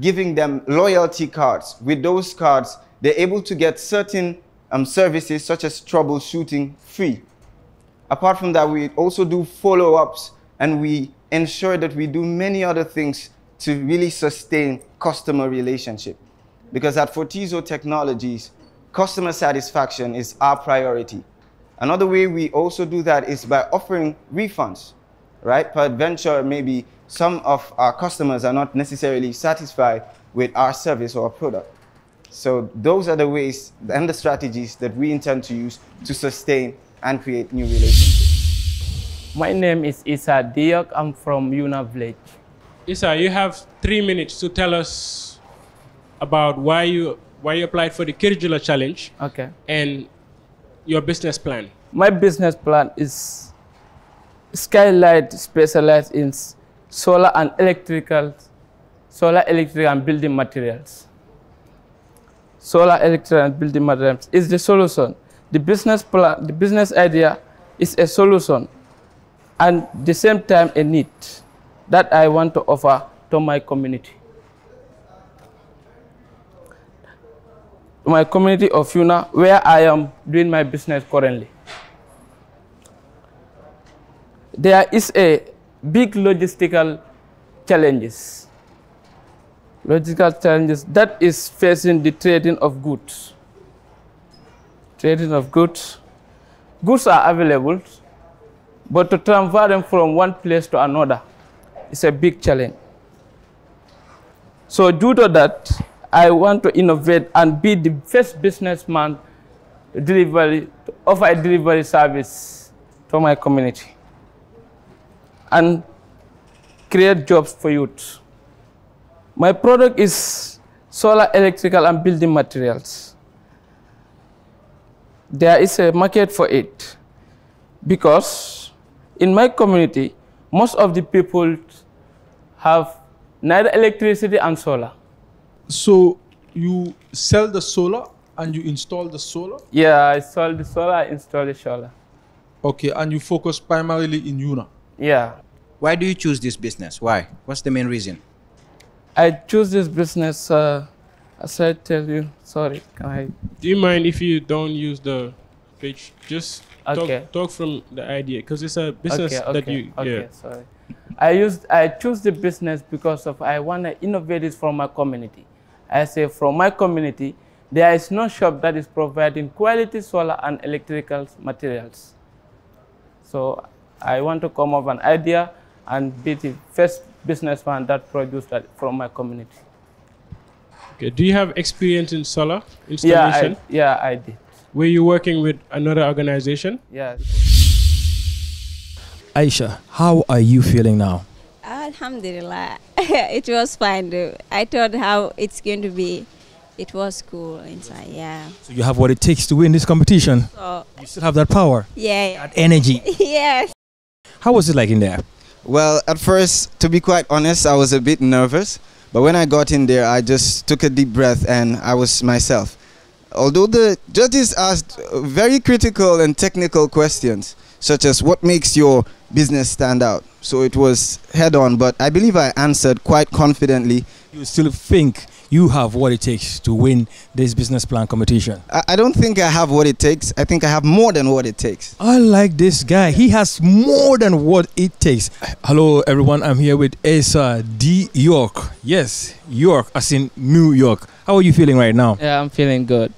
giving them loyalty cards. With those cards, they're able to get certain um, services such as troubleshooting free. Apart from that, we also do follow ups and we ensure that we do many other things to really sustain customer relationship because at Fortizo Technologies, customer satisfaction is our priority. Another way we also do that is by offering refunds, right? Peradventure, maybe some of our customers are not necessarily satisfied with our service or product. So those are the ways and the strategies that we intend to use to sustain and create new relationships. My name is Isa Diok. I'm from Yuna Village. Isa, you have three minutes to tell us about why you why you applied for the Kirjula challenge. Okay. And your business plan. My business plan is Skylight specialized in solar and electrical, solar electric and building materials. Solar electric and building materials is the solution. The business plan, the business idea is a solution and the same time a need that I want to offer to my community. my community of Yuna, where I am doing my business currently. There is a big logistical challenges. Logistical challenges that is facing the trading of goods. Trading of goods. Goods are available, but to transfer them from one place to another is a big challenge. So due to that, I want to innovate and be the first businessman to delivery, to offer a delivery service to my community and create jobs for youth. My product is solar, electrical, and building materials. There is a market for it because in my community, most of the people have neither electricity and solar. So you sell the solar and you install the solar? Yeah, I sell the solar, I install the solar. Okay, and you focus primarily in Yuna? Yeah. Why do you choose this business? Why? What's the main reason? I choose this business, uh, as I tell you. Sorry, I... Do you mind if you don't use the page? Just okay. talk, talk from the idea, because it's a business okay, okay, that you... Okay, yeah. sorry. I, used, I choose the business because of I want to innovate it for my community. I say from my community, there is no shop that is providing quality solar and electrical materials. So I want to come up with an idea and be the first businessman that produced that from my community. Okay. Do you have experience in solar installation? Yeah, I, yeah, I did. Were you working with another organization? Yes. Aisha, how are you feeling now? Alhamdulillah, it was fine. Though. I thought how it's going to be. It was cool inside, yeah. So you have what it takes to win this competition. So you still have that power. Yeah. That energy. yes. How was it like in there? Well, at first, to be quite honest, I was a bit nervous. But when I got in there, I just took a deep breath and I was myself. Although the judges asked very critical and technical questions, such as what makes your business stand out. So it was head on, but I believe I answered quite confidently. You still think you have what it takes to win this business plan competition? I, I don't think I have what it takes. I think I have more than what it takes. I like this guy. He has more than what it takes. Hello, everyone. I'm here with Asa D. York. Yes, York, as in New York. How are you feeling right now? Yeah, I'm feeling good.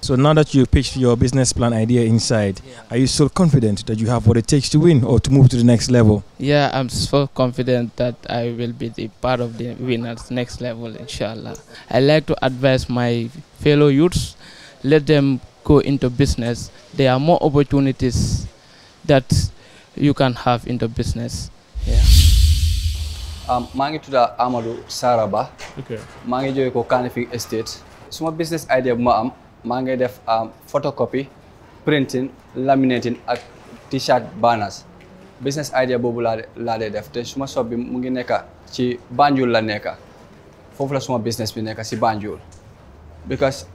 So now that you've pitched your business plan idea inside, yeah. are you still confident that you have what it takes to win or to move to the next level? Yeah, I'm so confident that I will be the part of the winners next level, inshallah. I like to advise my fellow youths, let them go into business. There are more opportunities that you can have the business. Yeah. Um, maa ngi tudda Amadou Saraba. Okay. maa ngi ko Kanifing Estate. My business idea ma am maa ngay def ah, photocopy printing laminating ak t-shirt banners business idea bobu la la def te suma shop bi mu ngi nekk ci Banjul la nekk fofu la suma business bi nekk si Banjul because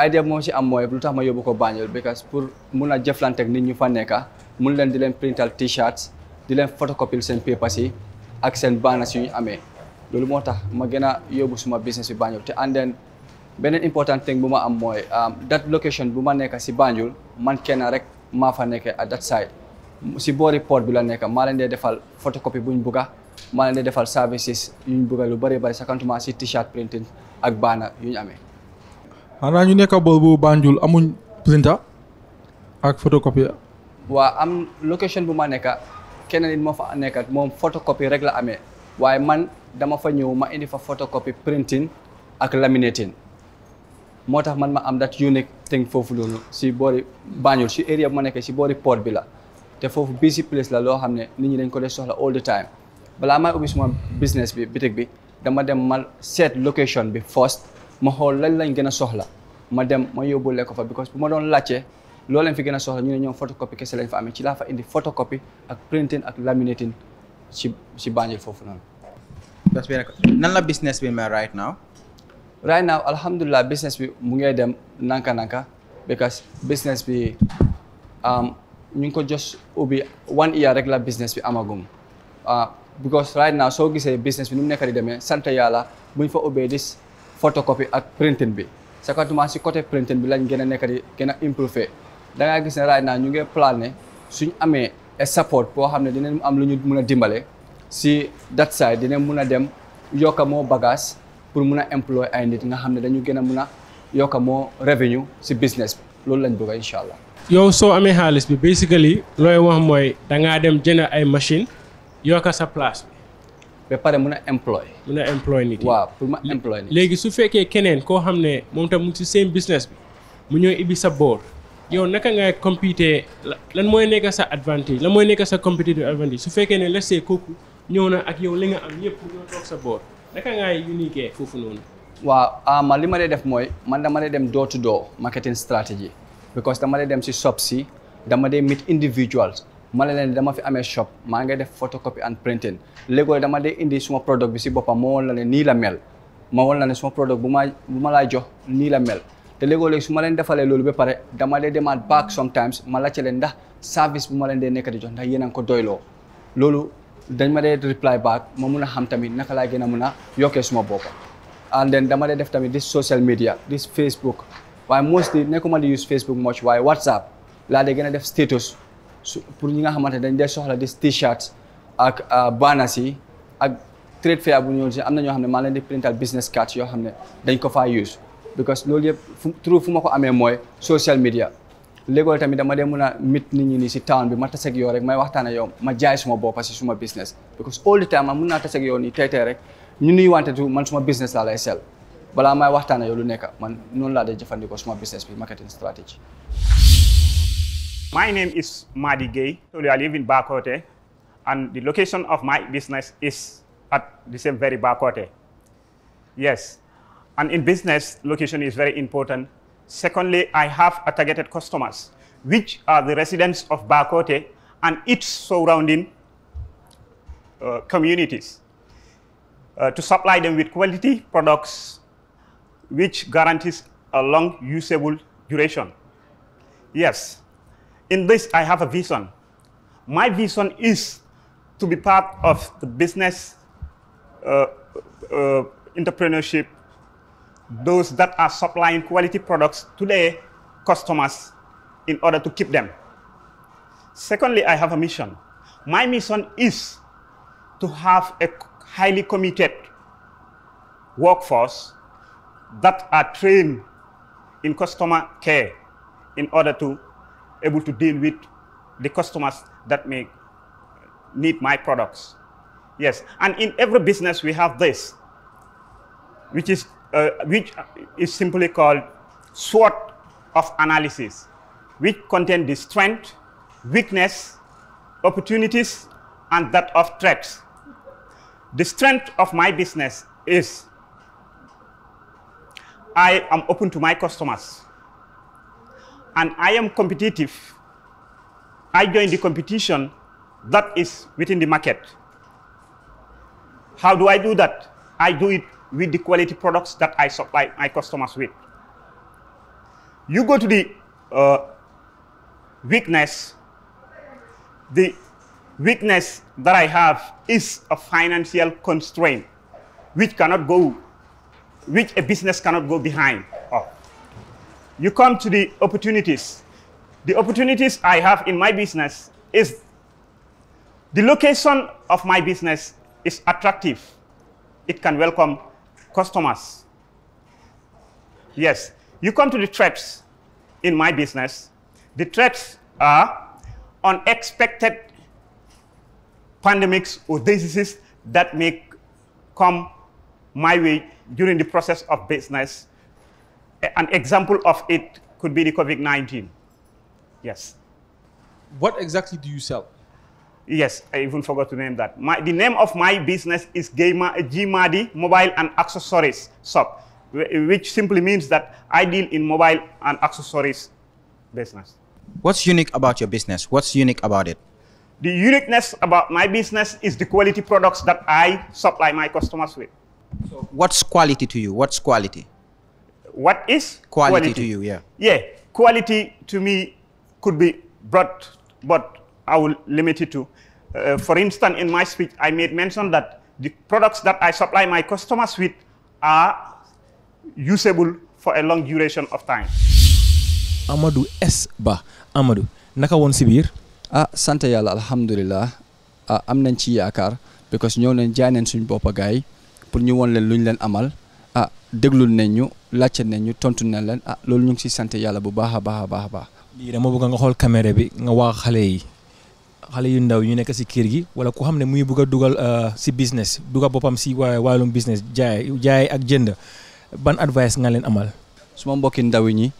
idea mo ci am moy lutax ma yobuko Banjul because pour muna a ak nit ñu fa nekk mun di printal t-shirts di leen photocopy sen papers yi ak sen banners yu ñu amé lolu motax ma gëna a suma business bi Banjul te and then benen important thing buma am am um, that location buma neka ci si Banjul man kenn rek ma fa nek at that side si boori report bi la nek ma len defal photocopy buñ buga ma len defal services ñuñ buga lu bari bëri sakantuma si t-shirt printing ak bana yuñ amé ana ñu bo bu Banjul amuñ printer ak photocopy wa am location buma neka, kenen mo nit moo fa nekkat moom photocopy rek la amé waye man dama fa ñew ma indi fa photocopy printing ak laminating. moo tax man ma am that unique thing foofu loolu si boori Banjul si area bu ma nekkee si boori port bi la te foofu si place la loo xam ne nit ñi dañ ko dee soxla all the time balaa may ubbi suma business bi bitig bi dama dem ma seet location bi first ma xool lañ lañ gën a soxla ma dem ma yóbbu lekko fa because bu ma doon laajte loolu lañ fi gën a soxla ñu ne ñoom photocopie kese lañ fa amee ci laa fa indi photocopie ak printing ak laminating si ci Banjul foofu noonu. nan la business bi mel right right now alhamdulillah business bi mu ngee dem nanka nanka because business bi um, ñu ngi ko just ubbi one year rek la business bi amagum uh, because right now soo gisee business bi nu mu nekk di demee sant yàlla buñ fa ubbee dis photocopy ak printing bi secondement si côté printing bi lañ gën a nekk di gën a improve da ngaa gis ne right now ñu ngi plan ne suñ amee support boo xam ne dinañ am lu ñu mun a dimbale si that side dinañ mun a dem yokka moo bagage pour mun a employer ay nit nga xam ne dañu gën a mun a yokk moo revenu si business bi loolu lañ bëgg incha allah. yow soo amee xaalis bi basically looy wax mooy da ngaa dem jënd ay machine yokk sa place bi. ba pare mun a employé. mun a employé nit yi waaw pour ma employé nit léegi su fekkee keneen koo xam ne moom tam mu ci seen business bi mu ñëw ibi sa boor yow naka nga compété lan mooy nekk sa advantage lan mooy nekk sa competitive advantage su fekkee ne la ñëw na ak yow li nga am yëpp sa boor. naka ngay unique foofu noonu. waaw ah, man li ma dee def mooy man dama dee dem door to door marketing strategy because dama dee dem si shop si dama dee meet individual mala ne leen dama fi amee shop maa ngi def photocopy and printing léegi dama dee indi suma product bi si boppam ma woon ne nii la mel ma woon ne suma product bu ma bu ma jox nii la mel te léegi su ma leen defalee loolu ba pare dama dee demaat back sometimes mala laajte leen ndax service bu ma leen dee nekk di jox ndax yéen a ngi ko doyloo dañ ma dee reply back ma mun a xam tamit naka laa gën a mun a yokkee suma bopp and then dama dee def tamit di social media di Facebook waaye mostly nekkuma di use Facebook much waaye WhatsApp laa dee gën a def status pour ñi nga xamante dañ dee soxla di t-shirt ak ah, banners yi ak trade fair bu ñëw si am na ñoo xam ne maa leen di printal business cards yoo xam ne dañ ko faa use because loolu yëpp through fu ma ko amee mooy social media léegoo tamit dama dee mun a mit nit ñi nii si town bi ma taseeg yoo rek may waxtaan ak yow ma jaay suma boppa si suma business because all the time man mun naa taseeg yow nii tey tey rek ñu nuy wante tu man suma business laa lay sell balaa may waxtaan ak lu nekk man noonu laa dee jëfandikoo suma business bi marketing strategy. My name is Madi Gay. I live in Bakote and the location of my business is at the same very Bakote. Yes, and in business, location is Secondly, I have a targeted customers, which are the residents of Bakote and its surrounding uh, communities, uh, to supply them with quality products which guarantees a long usable duration. Yes, in this I have a vision. My vision is to be part of the business uh, uh entrepreneurship those that are supplying quality products to their customers in order to keep them. Secondly, I have a mission. My mission is to have a highly committed workforce that are trained in customer care in order to able to deal with the customers that may need my products. Yes, and in every business we have this, which is uh, which is simply called SWOT of analysis, which contain the strength, weakness, opportunities, and that of threats. The strength of my business is I am open to my customers and I am competitive. I join the competition that is within the market. How do I do that? I do it with the quality products that I supply my customers with. You go to the uh, weakness, the weakness that I have is a financial constraint, which cannot go, which a business cannot go behind. Oh. You come to the opportunities. The opportunities I have in my business is the location of my business is attractive. It can welcome customers. Yes, you come to the threats in my business. The threats are unexpected pandemics or diseases that may come my way during the process of business. An example of it could be the COVID 19. Yes. What exactly do you sell? Yes, I even forgot to name that. My, the name of my business is Gmadi Mobile and Accessories Shop, which simply means that I deal in mobile and accessories business. What's unique about your business? What's unique about it? The uniqueness about my business is the quality products that I supply my customers with. So what's quality to you? What's quality? What is quality, quality? to you? Yeah. Yeah, quality to me could be brought, but I will limit it to. Uh, for instance, in my speech, I made mention that the products that I supply my customers with are usable for a long duration of time. Amadou S Ba amadu naka woon si biir. ah sant yàlla alhamdulilah ah am nañ ci yaakaar because ñëw nañ jaay nañ suñ boppa gaay pour ñu won leen lu ñu leen amal ah déglul nañ ñu laajte nañ ñu tontu nañ leen ah loolu ñu ngi si sant yàlla bu baax a baax a baax a baax. lii dama bëgg nga xool caméra bi nga wax xale yi. xale yu ndaw yi ñu nekk si kër gi wala ku xam ne muy bugg a dugal euh, si business dugal boppam si waaye wàllum business jaay jaay ak jënd ban advice nga leen amal. suma mbokki ndaw ñi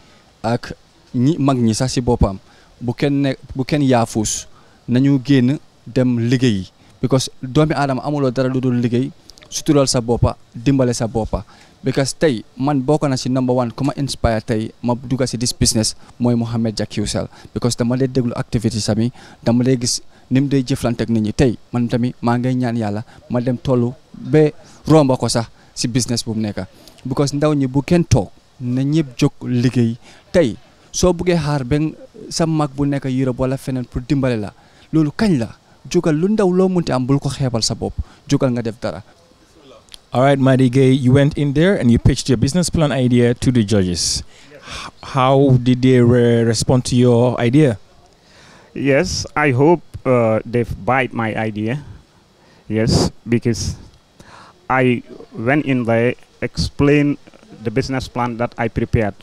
ak ñi mag ñi sax si boppam bu kenn ne bu kenn yaafuus nañu génn dem liggéey liggéeyi because doomi aadama amuloo dara lu dul liggéey sutural sa boppa dimbale sa boppa because tey man ko na si number one ku ma inspire tey ma dugga si this business mooy Mohamed Jacusel because dama dee déglu activité sami dama dee gis ni mu dee jëflante ak nit ñi tey man tamit maa ngay ñaan yàlla ma dem tollu ba romba ko sax si business bu mu nekk because ndaw ñi bu kenn toog na ñëpp jóg liggéey tey soo buggee xaar ba sa mag bu nekk Europe wala feneen pour dimbale la loolu kañ la jógal lu ndaw loo munti am bul ko xeebal sa bopp jógal nga def dara All right, Maddie Gay, you went in there and you pitched your business plan idea to the judges. Yes. How did they re respond to your idea? Yes, I hope uh, they bite my idea. Yes, because I went in there, explained the business plan that I prepared.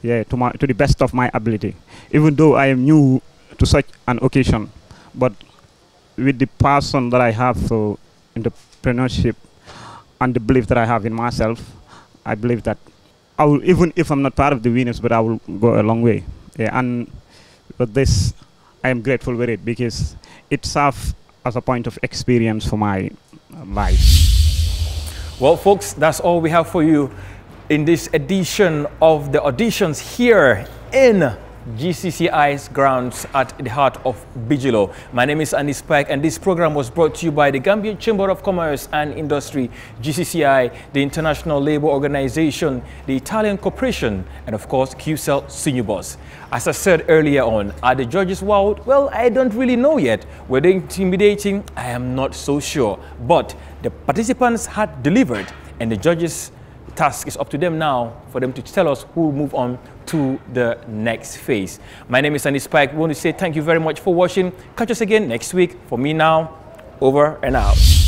Yeah, to my to the best of my ability. Even though I am new to such an occasion, but with the passion that I have for entrepreneurship, and the belief that I have in myself, I believe that I will, even if I'm not part of the winners, but I will go a long way. Yeah, and with this, I am grateful with it because it serves as a point of experience for my life. Well, folks, that's all we have for you in this edition of the auditions here in GCCI's grounds at the heart of Bigelow. My name is Andy Spike and this program was brought to you by the Gambia Chamber of Commerce and Industry, GCCI, the International Labour Organization, the Italian Corporation, and of course QCell Sinubus. As I said earlier on, are the judges wild? Well, I don't really know yet. Were they intimidating? I am not so sure. But the participants had delivered and the judges task is up to them now for them to tell us who will move on to the next phase. My name is Sandy Spike. We want to say thank you very much for watching. Catch us again next week. For me now, over and out.